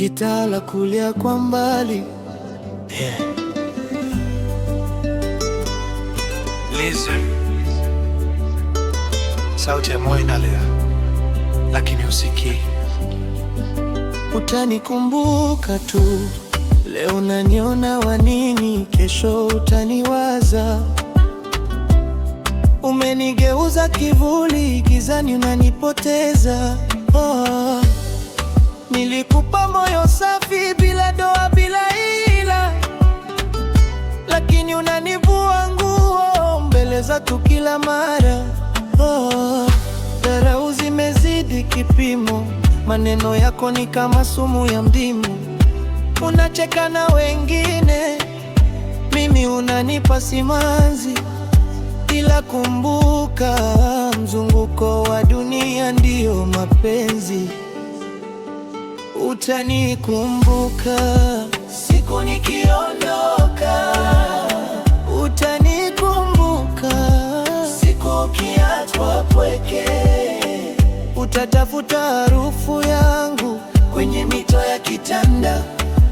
gitaa la kulia kwa mbali Listen. Sauti ya moyo inalia lakini usikii. Utanikumbuka tu leo, naniona wanini, kesho utaniwaza. Umenigeuza kivuli, gizani unanipoteza oh. Nilikupa moyo safi bila doa, bila ila, lakini unanivua nguo mbele zatu kila mara. Oh, dharau zimezidi kipimo, maneno yako ni kama sumu ya mdimu. Unacheka na wengine, mimi unanipa simanzi, ila kumbuka mzunguko wa dunia ndiyo mapenzi utanikumbuka siku nikiondoka, utanikumbuka siku ukiachwa pweke, utatafuta harufu yangu kwenye mito ya kitanda,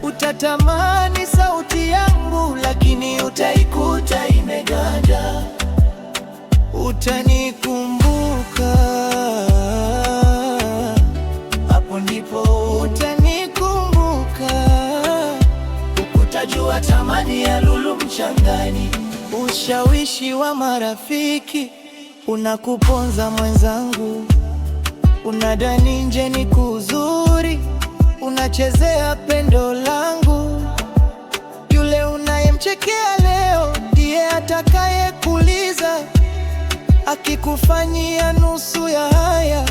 utatamani sauti yangu, lakini utaikuta imeganda utanikumbuka lulu mchangani. Ushawishi wa marafiki unakuponza mwenzangu, unadani nje ni kuzuri, unachezea pendo langu. Yule unayemchekea leo ndiye atakayekuliza, akikufanyia nusu ya haya,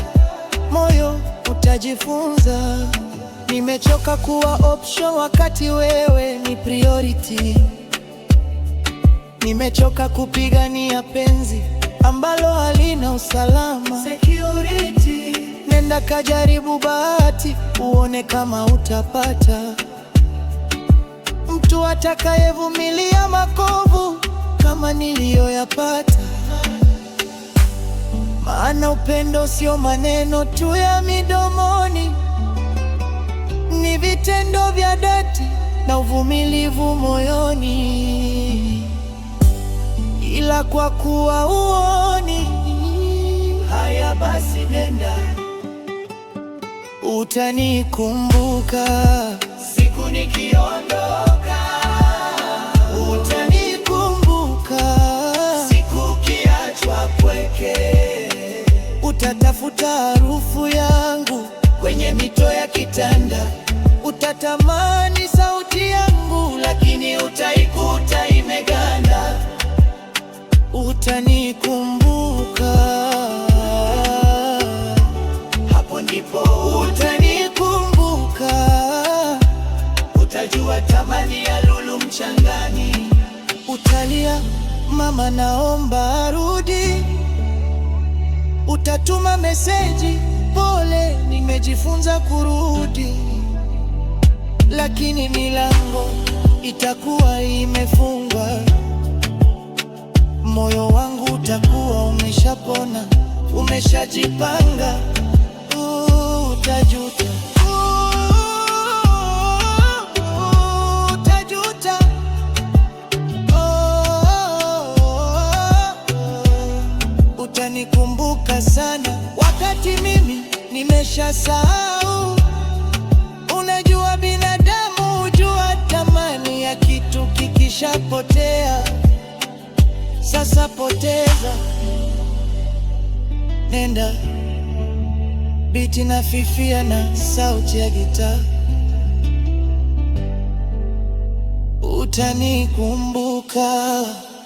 moyo utajifunza. Nimechoka kuwa option wakati wewe ni priority. Nimechoka kupigania penzi ambalo halina usalama. Security. Nenda kajaribu bahati uone kama utapata mtu atakayevumilia makovu kama niliyoyapata. Maana upendo sio maneno tu ya midomoni, ni vitendo vya dhati na uvumilivu moyoni kwa kuwa uoni haya, basi nenda, utanikumbuka siku nikiondoka, utanikumbuka siku kiachwa pweke, utatafuta harufu yangu kwenye mito ya kitanda, utatamani sauti yangu, lakini utaikuta utanikumbuka, hapo ndipo utanikumbuka, utajua thamani ya lulu mchangani, utalia mama, naomba arudi, utatuma meseji pole, nimejifunza kurudi, lakini milango itakuwa imefungwa. utapona, umeshajipanga utajuta, oh, Utanikumbuka sana wakati mimi nimeshasahau. Unajua binadamu hujua thamani ya kitu kikishapotea. Sasa poteza enda biti na fifia na sauti ya gitaa, utanikumbuka